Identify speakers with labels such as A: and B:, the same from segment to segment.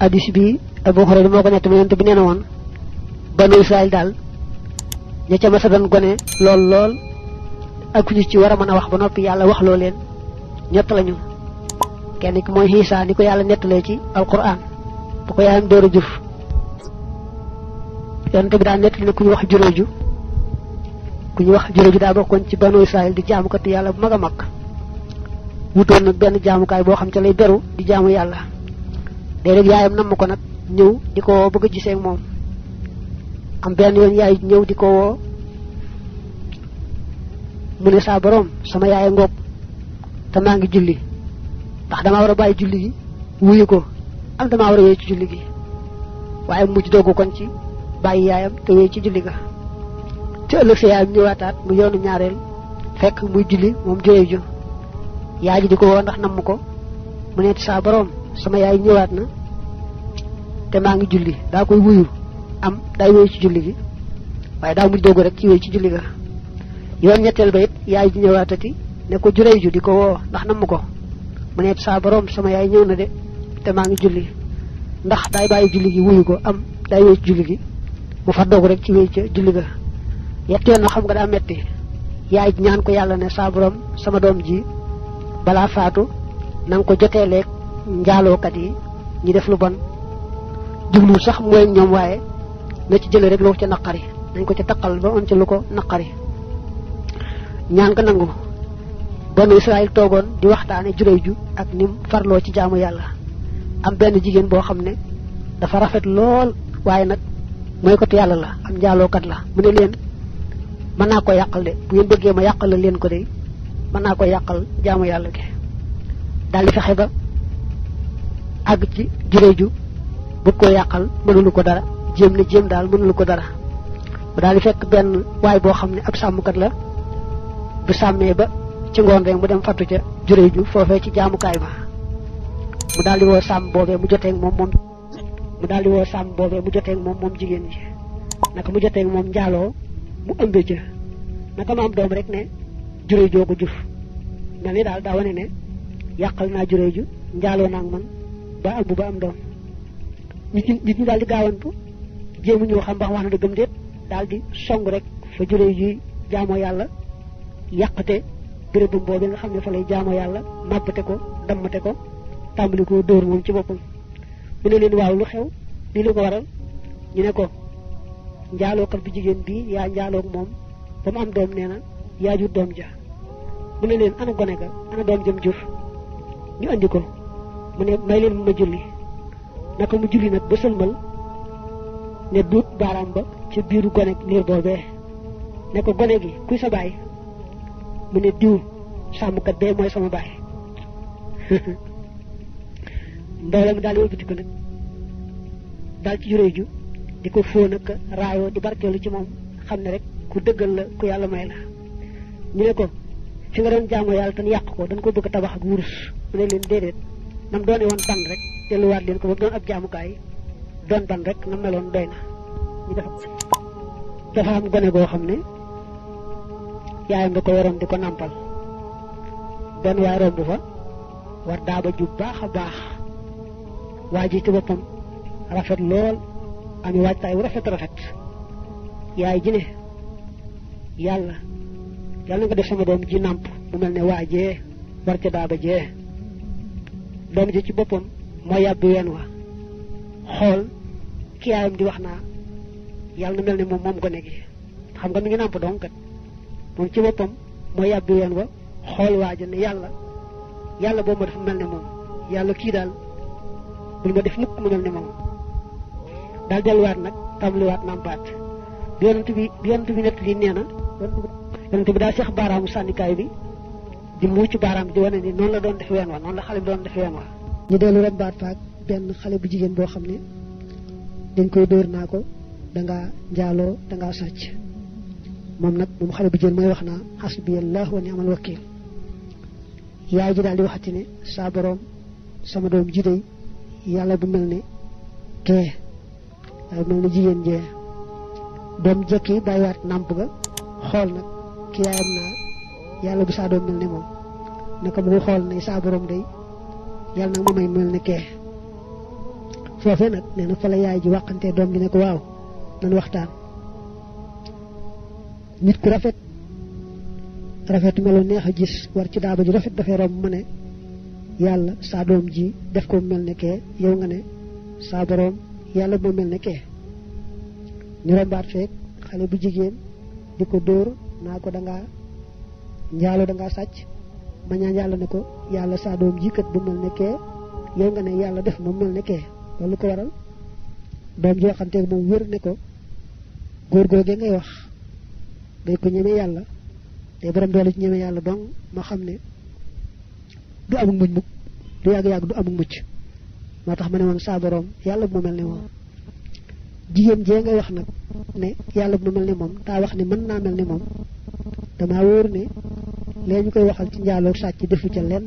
A: hadis bi abu hurairah moko net yonent bi neena won banu israel dal ya ca massa doon gone lol, lol ak ñu ci wara mëna wax ba nopi yalla wax lo leen ñett lañu kenn ki moy hisa ko yalla netalé ci alquran bu ko yaayam dooru juf yonent bi net netali ku ñu wax juroju ku ñu wax juroju daa bokkoon ci banu israel di jaamu te yalla bu maga mak mag nak ben jaamu kay bo xam ci lay beru di jaamu yalla léeg yaayam nam ko nak ñew diko ko bëgg a gisee ak moom am benn yoon yaay ñew diko wo mu ne sa borom sama yaay ngop ta ma ngi julli tax dama wara bay julli gi wuyu ko am dama wara wé ci julli gi mu ci dogu kon ci bay yaayam te wé ci julli ga ci ëllëg sa yaayam ñëwaataat mu yoonu ñaarel fekk muy julli mom jëye ju yaay ji di ndax nam ko mu ne sa borom sama yaay ñewat na te maa ngi julli daa koy wuyu am day wéy ci julli gi waaye daa mujj doogu rek ci wéy ci julli ga yoon ñetteel ba it yaay ji ñëwaatati ne ko juree ju di ko woo ndax nam mu ko mu ne saa borom sama yaay ñëw na de te maa ngi julli ndax day bàyyi julli gi wuyu ko am day wéy ci julli gi mu fa doogu rek ci wéy ci julli ga yett na xam nga daa metti yaay ji ñaan ko yàlla ne saa sama doom ji balaa faatu na ko jotee leeg njaalookat yi ñi def lu bon jubluwul sax mooy ñoom waaye na ci jële rek loo ca naqari dañ ko ci taqal ba on ca lu ko naqari ñaan nga nangu banu Israël toogoon di waxtaane juréy ju ak nim farloo ci jaamu yàlla am benn jigéen boo xam ne dafa rafet lool waaye nag mooy kotu yàlla la am njaalookat la mu ne leen mën naa ko yàqal de bu ngeen bëggee ma yàqal la leen ko de mën naa ko yàqal jaamu yàlla gi daal fexe ba àgg ci juréy ju bëgg koo yàqal mënulu ko dara jéem na jéem daal mënulu ko dara mu daal di fekk benn waay boo xam ne ak sàmmkat la bu sàmmee ba ci ngoon rek mu dem fattu ca juré ju foofee ci jaamukaay ba mu daal di woo sàmm boobee mu joteeg moom moom daal di woo sàmm boobee mu joteeg moom moom jigéen ji naka mu joteeg moom njaaloo mu ëmbee ca naka ma am doom rek ne juré joo ko juf mel ni daal daa wane ne yàqal naa juré ju njaaloo naa man ba ëmb ba am doom nit ñi daal di gaawantu jéemu ñëw xam ba xam wax na dëggam déet daal di song rek fa jëlee yuy jaamoo yàlla yàqate bérébam boobu nga xam ne fa lay jaamoo yàlla màbbate ko dammate ko tàmbali ko dóor moom ci boppam mu ne leen waaw lu xew lii lu ko waral ñu ne ko njaalookat bu jigéen bi yaa njaaloog moom ba mu am doom nee na yaa jur doom ja mu ne leen ana gone ga ana doom jëm jur ñu andi ko mu ne may leen ma julli naka mu julli nag ba sëlmal ne duut baaraam ba ca biiru gone liir boobee ne ko gone gi kuy sa baay mu ne diw sàmmkat bee mooy sama baay mbooloo mi daal di ko nag daal ci juróoy ju di ko fóon ak raayoo di barkeelu ci moom xam ne rek ku dëggal la ku yàlla may la ñu ne ko fi nga doon jaamoo yàlla tan yàq ko dañ ko bëgg tabax ak wurus mu ne leen déedéet nam doone won tan rek wat leen ko doon ak ab kay doon tan rek nam melon doyna ni def dafa am gone go xamne ne yaayam da ko woron diko nampal ben way waay fa war daaba ju baakha baax waji ci bopam rafet lol ami waajtaay wu rafet rafet yaay ji ne yalla nga def sama doom ji namp mu melne ne war ca daaba doom ji ci boppam moo yàbb ween wa xool ki yaayam di wax naa yàlla na mel ne moom moom gone gi xam nga mi ngi namp doom kat moom ci boppam moo yàbb ween wa xool waaja ne yàlla yàlla boobu ma dafa mel ne moom yàlla kii daal bul ma def mukk mu mel ne moom daal delluwaat nag tàmbaliwaat nàmpaat bi yonent bi bi yonent bi nett li nee na yonent bi daa seex baaraamu sànnikaay bi di muucu baram di wane ni noonu la doon def yeen wa non la xale bi doon def yeen wa ñu delu rek baat faak ben xale bu jigen bo xam dañ koy door nako ko da nga jalo da nga sacc mom nak moom xale bu jigen mooy waxna hasbi allah wa ni'mal wakeel yaay ji dal di waxati ne sa borom sama doom ji day bu melni te ay mo mel jigen je jee doom jekki bàyyiwaat nàmp ga xol nak kiyam na yalla bisa saa doom mel ne moom ne ko bu xool ne saa borom day yalla nak ma may mel ne kee foofee nag na fa la yaay ji waxantee dom bi ne ko waaw nan waxtaan nit ku rafet rafet melo neex a gis war ci daaba ji rafet dafay rom mu ne yàlla saa doom ji def ko melni ke yow nga ne sa borom yalla bo melni ke kee ñu rombaat xale bu jigéen diko door dóor naa ko njaalo da nga sacc ma ñaan yàlla ne ko yàlla saa doom jikkat bu mel neke kee yow nga ne yàlla def ma mel ne kee loolu ko waral doom joo xamte moom wér ne ko góor googee ngay wax day ko ñeme yàlla day borom doole ci ñeme yàlla dong ma xam ne du amuk muñ mukk du yàgg yàgg du amuk mucc moo tax ma ne woon saa borom yàlla bu ma mel ne moom jigéen jee ngay wax nag ne yàlla bu ma mel ne moom daa wax ne mën naa mel ne moom dama wóor ne leñu koy waxal ci njaalo sacc defu ci lenn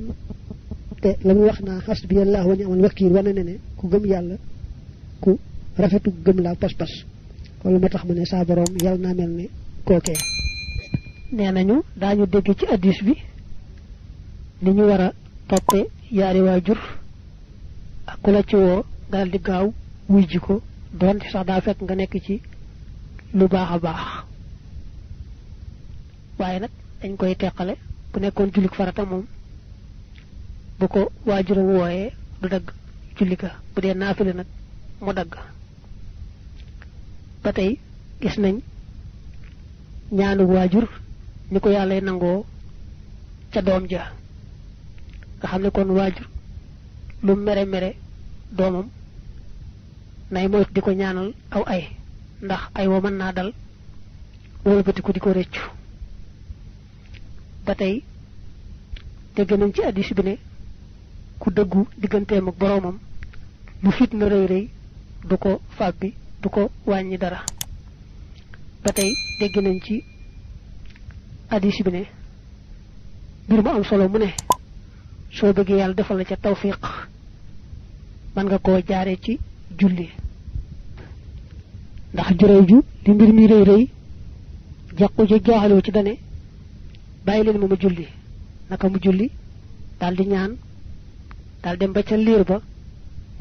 A: te lam wax na hasbi allah wa ni'mal wakil wana ne ku gëm yalla ku rafetu gëm la pas pas wala motax mu ne sa borom yalla na melni koke nenañu dañu dégg ci hadith bi ni ñu wara topé yaari wajur ak kula ci wo dal di gaaw muy jiko ci sax da fek nga nek ci lu baaxa baax waye nak dañ koy tekkale bu nekkoon jullik farata moom bu ko waajuram wooyee du dagg julli ga bu dee naafile nag mu dagg ba tey gis nañ ñaanu waajur ni ko yàlla nangoo ca doom ja nga xam ne kon waajur lu mere mere doomam nay moytu di ko ñaanal aw ay ndax ay wa mën naa dal wëlbatiku di ko réccu batay tey dégg nañ ci hadis bi ne ku deggu digganteem ak boromam lu na reuy reuy du ko fàbbi du ko wañi dara batay tey nañ ci hadis bi ne bir mu am solo mu ne so bëggee yalla defal la ci tawfiq man nga ko jaare ci julli ndax ju li mbir mi reuy reuy jaxu ci jaxalo ci dane bàyyi leen ma ma julli naka mu julli dal di ñaan dal dem ba ca liir ba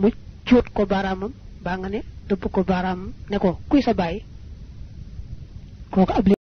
A: mu cuut ko baaraamam baa nga ne dëpp ko baaraamam ne ko kuy sa bàyyi kooku ab